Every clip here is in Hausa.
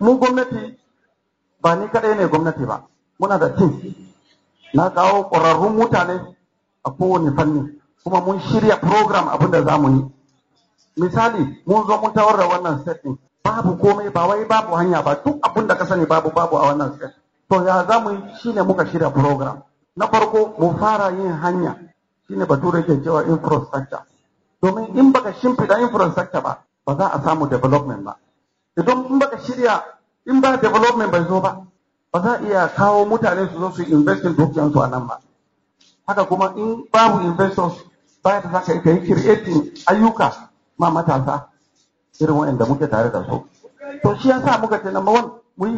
Mun gwamnati ba ni kaɗai ne gwamnati ba muna da tim na kawo ƙwararrun mutane a kowane fanni kuma mun shirya program abin da za mu yi misali mun zo mun tawar da wannan set ɗin babu komai ba wai babu hanya ba duk abin da ka sani babu babu a wannan set to ya za mu yi shine muka shirya program na farko mu fara yin hanya shine bature ke cewa infrastructure domin in baka shimfiɗa infrastructure ba ba za a samu development ba idan in baka shirya in ba development bai zo ba ba za a iya kawo mutane su zo su investin su a nan ba haka kuma in babu investors baya za ka yi creating ayyuka ma matasa irin wa'anda muke tare da su to shi yasa muka ce number one a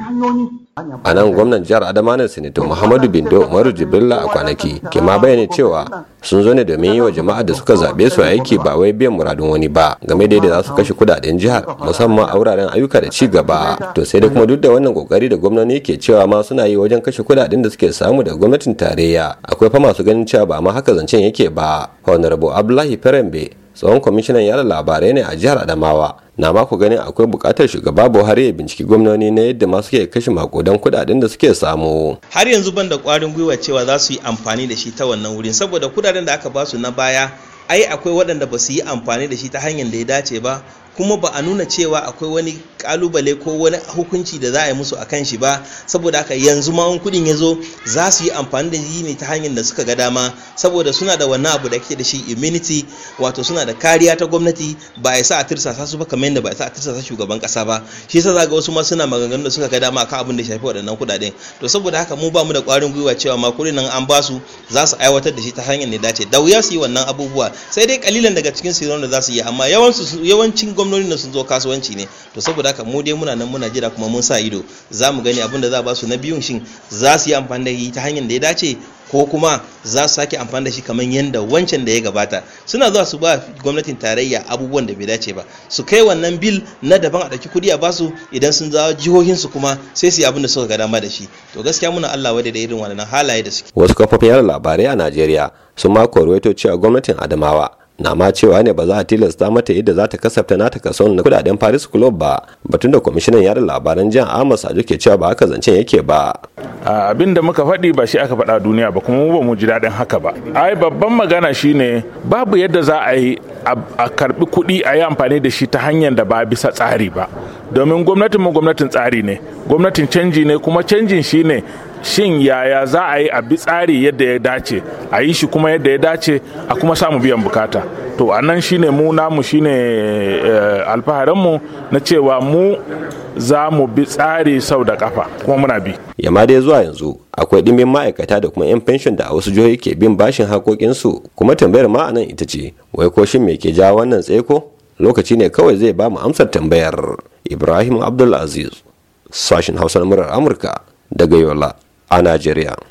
nan gwamnan jihar ne sanato muhammadu bindo umaru jibrila a kwanaki ke ma bayani cewa sun zo ne domin yi wa jama'a da suka zaɓe su aiki ba wai biyan muradun wani ba game da yadda za su kashe kudaden jihar musamman a wuraren ayyuka da ci gaba to sai da kuma duk da wannan kokari da gwamnati ke cewa ma suna yi wajen kashe kudaden da suke samu da gwamnatin tarayya akwai fa masu ganin cewa ba ma haka zancen yake ba honorable abdullahi ferembe tsohon kwamishinan yada labarai ne a jihar adamawa na ba ku ganin akwai bukatar shugaba buhari ya binciki gwamnoni na yadda ma suke kashe makudan kudaden da suke samu har yanzu ban da kwarin gwiwa cewa za su yi amfani da shi ta wannan wurin saboda kudaden da aka ba su na baya ai akwai waɗanda ba su yi amfani da shi ta hanyar da ya dace ba kuma ba a nuna cewa akwai wani kalubale ko wani hukunci da za a yi musu akan shi ba saboda haka yanzu ma kudin ya zo za su yi amfani da yi ne ta hanyar da suka ga dama saboda suna da wannan abu da ke da shi immunity wato suna da kariya ta gwamnati ba ya sa a tirsasa su ba kamar yadda ba ya sa a tirsasa shugaban kasa ba shi yasa za ga wasu ma suna maganganun da suka ga dama akan abin da shafi waɗannan kudaden to saboda haka mu ba mu da ƙwarin gwiwa cewa ma kudin nan an ba su za su aiwatar da shi ta hanyar da dace da wuya su yi wannan abubuwa sai dai kalilan daga cikin su da za su yi amma yawancin gwamnoni nan sun zo kasuwanci ne to saboda haka mu dai muna nan muna jira kuma mun sa ido za mu gani abin da za a ba su na biyun shin za su yi amfani da shi ta hanyar da ya dace ko kuma za su sake amfani da shi kamar yadda wancan da ya gabata suna zuwa su ba gwamnatin tarayya abubuwan da bai dace ba su kai wannan bil na daban a ɗauki kuɗi a ba su, idan sun jihohin su kuma sai su yi abin da suka ga dama da shi to gaskiya muna Allah wadai da irin wannan halaye da suke wasu kafofin yada labarai a Najeriya sun ma korwaito cewa gwamnatin Adamawa na ma cewa ne ba za a tilasta mata yadda za ta kasafta nata kaso na kudaden Paris Club ba batun da kwamishinan yada labaran jihar Amos Ajo ke cewa ba haka zancen yake ba abin muka faɗi ba shi aka faɗa duniya ba kuma mu ba mu ji daɗin haka ba ai babban magana shine babu yadda za a yi a karbi kuɗi a yi amfani da shi ta hanyar da ba bisa tsari ba domin gwamnatin mu gwamnatin tsari ne gwamnatin canji ne kuma canjin shine shin yaya za a yi a bi tsari yadda ya dace a yi shi kuma yadda ya dace a kuma samu biyan bukata to a nan shine mu namu shine eh, alfaharinmu na cewa mu za mu bi tsari sau da kafa kuma muna bi yamma dai zuwa yanzu akwai dimbin ma'aikata da kuma 'yan fenshon da a wasu jihohi ke bin bashin hakokinsu kuma tambayar ma anan ita ce wai ko shin me ke ja wannan tseko lokaci ne kawai zai ba mu amsar tambayar ibrahim abdulaziz sashin hausar murar amurka daga yola عناجرها